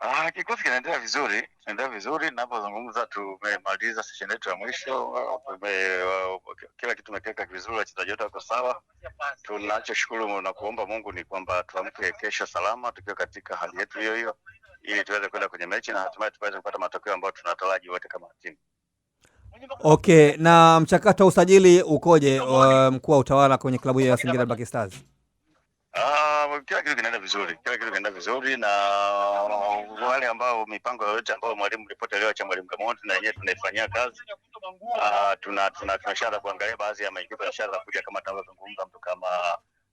Ah, kikosi kinaendelea vizuri, kinaendelea vizuri. Napozungumza tumemaliza session yetu ya mwisho, uh, kila kitu tumekiweka vizuri, wachezaji wote wako sawa. Tunachoshukuru na kuomba Mungu ni kwamba tuamke kesho salama, tukiwa katika hali yetu hiyo hiyo, ili tuweze kwenda kwenye mechi na hatimaye tuweze kupata matokeo ambayo tunataraji wote kama timu. Okay, na mchakato wa usajili ukoje, mkuu wa utawala kwenye klabu ya Singida Black Stars? Uh, kila kitu kinaenda vizuri, kila kitu kinaenda vizuri na wale ambao mipango yoyote ambayo mwalimu ripoti leo cha mwalimu Gamondi na yenyewe tunaifanyia kazi. Uh, tuna tuna tunashara kuangalia baadhi ya ya shara kuja kama tunavyozungumza mtu kama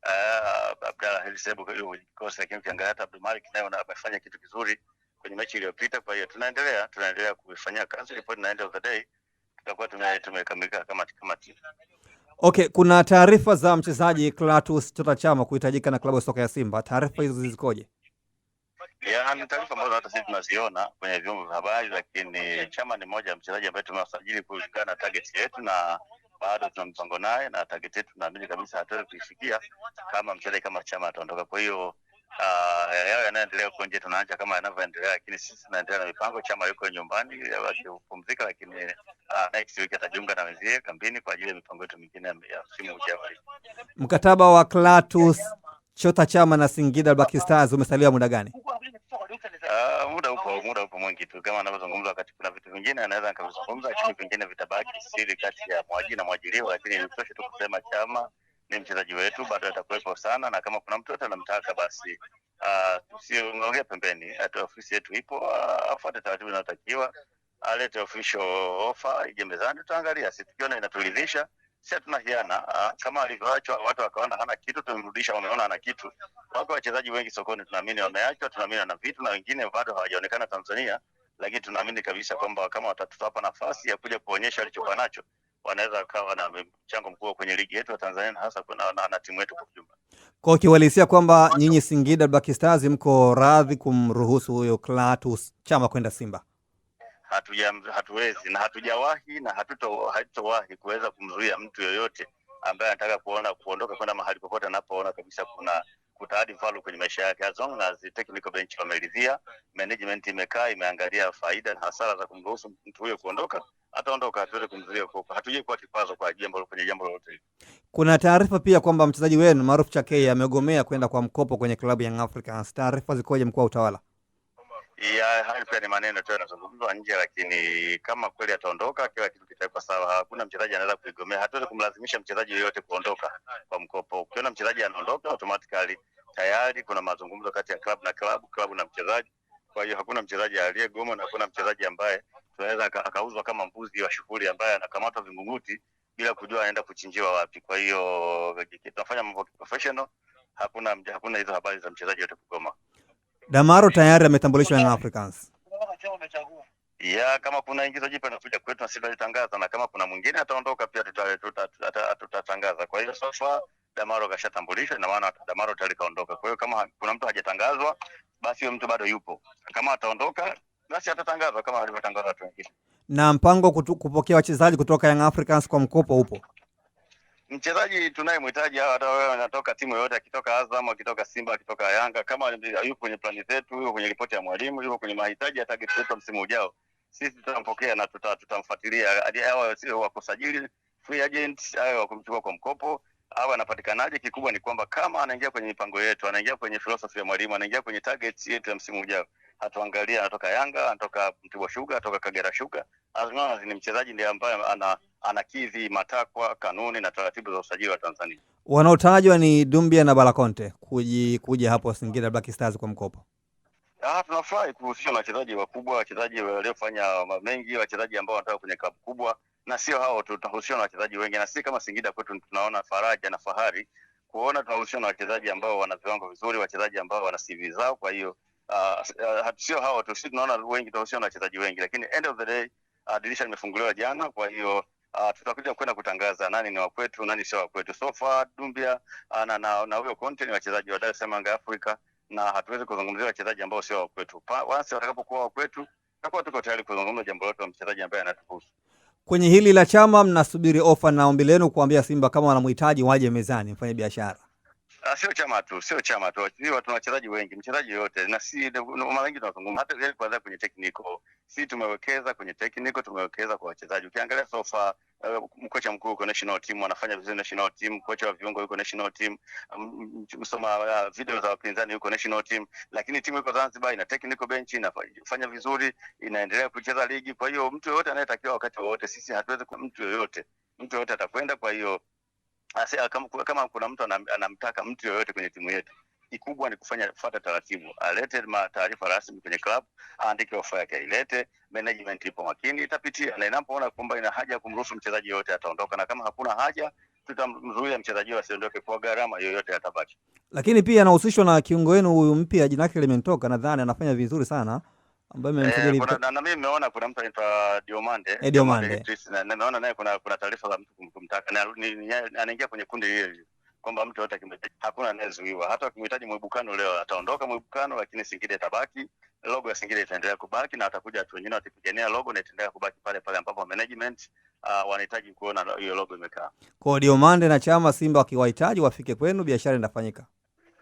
uh, Abdalla Helisebu hilo kikosi, lakini ukiangalia hata Abdul Malik naye amefanya kitu kizuri kwenye mechi iliyopita. Kwa hiyo tunaendelea tunaendelea kuifanyia kazi ripoti na end of the day tutakuwa tumekamilika kama kama timu. Okay, kuna taarifa za mchezaji Clatous Chota Chama kuhitajika na klabu ya soka ya Simba. Taarifa hizo zikoje? Ya, ni taarifa ambazo hata sisi tunaziona kwenye vyombo vya habari, lakini Chama ni moja ya mchezaji ambaye tumewasajili kulingana na target yetu na bado tuna mpango naye na target yetu, naamini kabisa hatuwezi kuifikia kama mchezaji kama Chama ataondoka. Kwa hiyo uh, yao yanayoendelea huko nje tunaacha kama yanavyoendelea, lakini sisi tunaendelea na mipango. Chama yuko nyumbani eh, akipumzika, lakini uh, next week atajiunga na wenzie kambini kwa ajili ya mipango yetu mingine ya msimu ujao. Mkataba wa Clatous Chota Chama na Singida Black Stars umesalia muda gani? Uh, muda upo, muda upo mwingi tu, kama anavyozungumza. Wakati kuna vitu vingine anaweza nikavizungumza, lakini vingine vitabaki siri kati ya mwaji na mwajiriwa, lakini itoshe tu kusema chama ni mchezaji wetu, bado atakuwepo sana, na kama kuna mtu yote anamtaka basi tusiongee ah, pembeni, ate ofisi yetu ipo, ah, afuate taratibu zinazotakiwa, alete official offer ije mezani, tutaangalia. Si tukiona inaturidhisha si hatuna hiana. Ah, kama alivyoachwa watu wakaona hana kitu, tumemrudisha, wameona ana kitu. Wako wachezaji wengi sokoni, tunaamini wameachwa, tunaamini ana vitu, na wengine bado hawajaonekana Tanzania, lakini tunaamini kabisa kwamba kama watatupa nafasi ya kuja kuonyesha alichokuwa nacho wanaweza wakawa na mchango mkubwa kwenye ligi yetu ya Tanzania na hasa na timu yetu kwa ujumla. Kwa ukiwalisia kwamba nyinyi Singida Black Stars mko radhi kumruhusu huyo Clatous Chama kwenda Simba? Hatuja, hatuwezi na hatujawahi na hatutowahi kuweza kumzuia mtu yoyote ambaye anataka kuona kuondoka kwenda mahali popote anapoona kabisa kuna kutaadi value kwenye maisha yake, as long as technical bench wameridhia, management imekaa imeangalia faida na hasara za kumruhusu mtu huyo kuondoka ataondoka, hatuwezi kumzuia kufa, hatujui kuwa kikwazo kwa jambo kwenye jambo lolote. Kuna taarifa pia kwamba mchezaji wenu maarufu Chakei amegomea kwenda kwa mkopo kwenye klabu ya Young Africans. Taarifa zikoje, mkuu wa utawala? Ya, hayo pia ni maneno tu yanazungumzwa nje, lakini kama kweli ataondoka, kila kitu kitakuwa sawa. Hakuna mchezaji anaweza kuigomea, hatuwezi kumlazimisha mchezaji yoyote kuondoka kwa mkopo. Ukiona mchezaji anaondoka, automatically tayari kuna mazungumzo kati ya klabu na klabu, klabu na mchezaji kwa hiyo hakuna mchezaji aliyegoma na hakuna mchezaji ambaye tunaweza akauzwa kama mbuzi wa shughuli ambaye anakamatwa vingunguti bila kujua anaenda kuchinjiwa wapi. Kwa hiyo eh, tunafanya mambo professional, hakuna hakuna hizo habari za mchezaji yote kugoma. Damaro tayari ametambulishwa na Africans ya kama kuna ingizo jipya nakuja kwetu na sisi tutalitangaza, na kama kuna mwingine ataondoka pia tutatangaza. Kwa hiyo sofa Damaro kashatambulishwa, ina maana Damaro tayari kaondoka. Kwa hiyo kama kuna mtu hajatangazwa basi huyo mtu bado yupo. Kama ataondoka, basi atatangazwa kama walivyotangaza watu wengine. Na mpango kupokea wachezaji kutoka Young Africans kwa mkopo upo? Mchezaji mhitaji hawa, hata wewe anatoka timu yoyote, akitoka Azam, akitoka Simba, akitoka Yanga, kama yupo kwenye plani zetu, yupo kwenye ripoti ya mwalimu, yupo kwenye mahitaji ya target yetu msimu ujao, sisi tutampokea na tutamfuatilia. Tuta awa sio wakusajili free agent, ayo wakumchukua kwa mkopo awe anapatikanaje? Kikubwa ni kwamba kama anaingia kwenye mipango yetu, anaingia kwenye filosofi ya mwalimu, anaingia kwenye targets yetu ya msimu ujao, hatuangalia anatoka Yanga, anatoka Mtibwa Sugar, anatoka Kagera Sugar, ni mchezaji ndiye ambaye ana anakidhi matakwa, kanuni na taratibu za usajili wa Tanzania. Wanaotajwa ni Dumbia na Balakonte kuji kuja hapo Singida Black Stars kwa mkopo. Ah, tunafurahi kuhusisha na wachezaji wakubwa, wachezaji waliofanya mengi, wachezaji ambao wanatoka kwenye klabu kubwa na sio hao tu, tunahusiana na wachezaji wengi, na si kama Singida kwetu tunaona faraja na fahari kuona tunahusiana na wachezaji ambao wana viwango vizuri, wachezaji ambao wana CV zao. Kwa hiyo uh, uh, sio hao tu, sisi tunaona wengi, tunahusiana na wachezaji wengi, lakini end of the day uh, dirisha limefunguliwa jana, kwa hiyo Uh, tutakuja kwenda kutangaza nani ni wakwetu nani sio wakwetu. So far Dumbia uh, na na, na huyo Conte ni wachezaji wa Dar es Salaam Africa, na hatuwezi kuzungumzia wachezaji ambao sio wakwetu. Once watakapokuwa wakwetu, tutakuwa tuko tayari kuzungumza jambo lote wa mchezaji ambaye anatuhusu kwenye hili la chama mnasubiri ofa na ombi lenu kuambia Simba kama wanamhitaji waje mezani mfanye biashara? sio chama tu, sio chama tu. Sisi tuna wachezaji wengi, mchezaji yote na si mara nyingi tunazungumza hata ile kwanza kwenye technical. si tumewekeza kwenye technical, tumewekeza kwa wachezaji. Ukiangalia so far uh, kocha mkuu yuko national team anafanya vizuri national team, kocha wa viungo yuko national team, um, msoma uh, video za wapinzani yuko national team, lakini timu iko Zanzibar ina technical bench inafanya vizuri, inaendelea kucheza ligi. Kwa hiyo mtu yoyote anayetakiwa wakati wowote, sisi hatuwezi kwa mtu yoyote, mtu yoyote atakwenda. Kwa hiyo Ah, kama, kama kuna mtu anamtaka mtu yoyote kwenye timu yetu, kikubwa ni kufanya fata taratibu, alete taarifa rasmi kwenye klabu aandike ofa yake, ailete management. Ipo makini, itapitia na inapoona kwamba ina haja ya kumruhusu mchezaji yoyote ataondoka, na kama hakuna haja tutamzuia mchezaji huyo asiondoke kwa gharama yoyote, atapata Lakini pia anahusishwa na kiungo wenu huyu mpya, jina lake nadhani anafanya vizuri sana ambaye mmemsajili eh, na, na mimi nimeona kuna mtu anaitwa Diomande eh, Diomande nimeona naye kuna kuna taarifa za mtu kumtaka na anaingia kwenye kundi hili hili. kwamba mtu yote akimhitaji hakuna anayezuiwa, hata akimhitaji Mwibukano leo ataondoka Mwibukano, lakini Singida itabaki, logo ya Singida itaendelea kubaki na atakuja watu wengine watapigania logo na itaendelea kubaki pale pale ambapo management uh, wanahitaji kuona hiyo logo imekaa. Kwa Diomande na chama Simba wakiwahitaji wafike kwenu, biashara inafanyika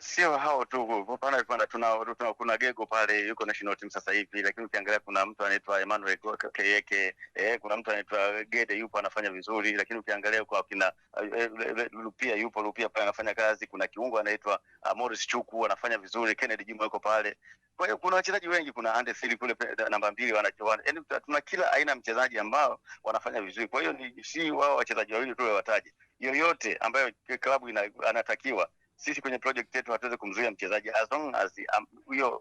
sio hao tu, pana kuna, tuna, tuna, kuna Gego pale yuko national team sasa hivi, lakini ukiangalia kuna mtu anaitwa Emmanuel Keke, eh, kuna mtu anaitwa Gede yupo anafanya vizuri, lakini ukiangalia kwa kina eh, eh, eh, Lupia yupo Lupia pale anafanya kazi, kuna kiungo anaitwa uh, Morris Chuku anafanya vizuri, Kennedy Juma yuko pale. Kwa hiyo kuna wachezaji wengi, kuna Andesili kule namba mbili wanachoana, yaani tuna kila aina mchezaji ambao wanafanya vizuri. Kwa hiyo ni si wao wachezaji wawili tu wataje, yoyote ambayo klabu anatakiwa sisi kwenye project yetu hatuwezi kumzuia mchezaji as long as um, hiyo um,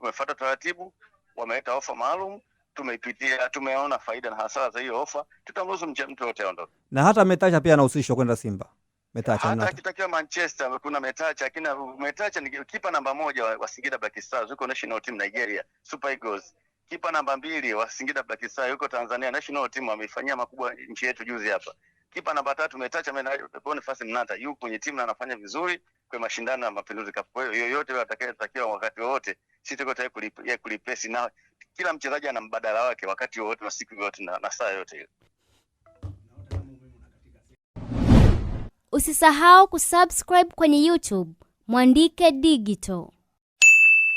wamefuata taratibu, wameleta ofa maalum tumeipitia tumeona faida na hasara za hiyo ofa, tutamruhusu mtu yote aondoke. Na hata Metacha pia anahusishwa kwenda Simba. Metacha hata akitakiwa Manchester, kuna Metacha, lakini Metacha ni kipa namba moja wa, wa Singida Black Stars, yuko national team Nigeria Super Eagles. Kipa namba mbili wa Singida Black Stars yuko Tanzania national team, ameifanyia makubwa nchi yetu juzi hapa. Kipa namba tatu Metacha fasi Mnata yuko kwenye timu na anafanya vizuri kwa mashindano ya Mapinduzi Cup. Kwa hiyo yoyote atakayetakiwa wakati wowote, si tuko tayari kulipa kulipesi na kila mchezaji ana mbadala wake wakati wowote na siku yoyote na, na saa yote ile. Usisahau kusubscribe kwenye YouTube Mwandike Digital.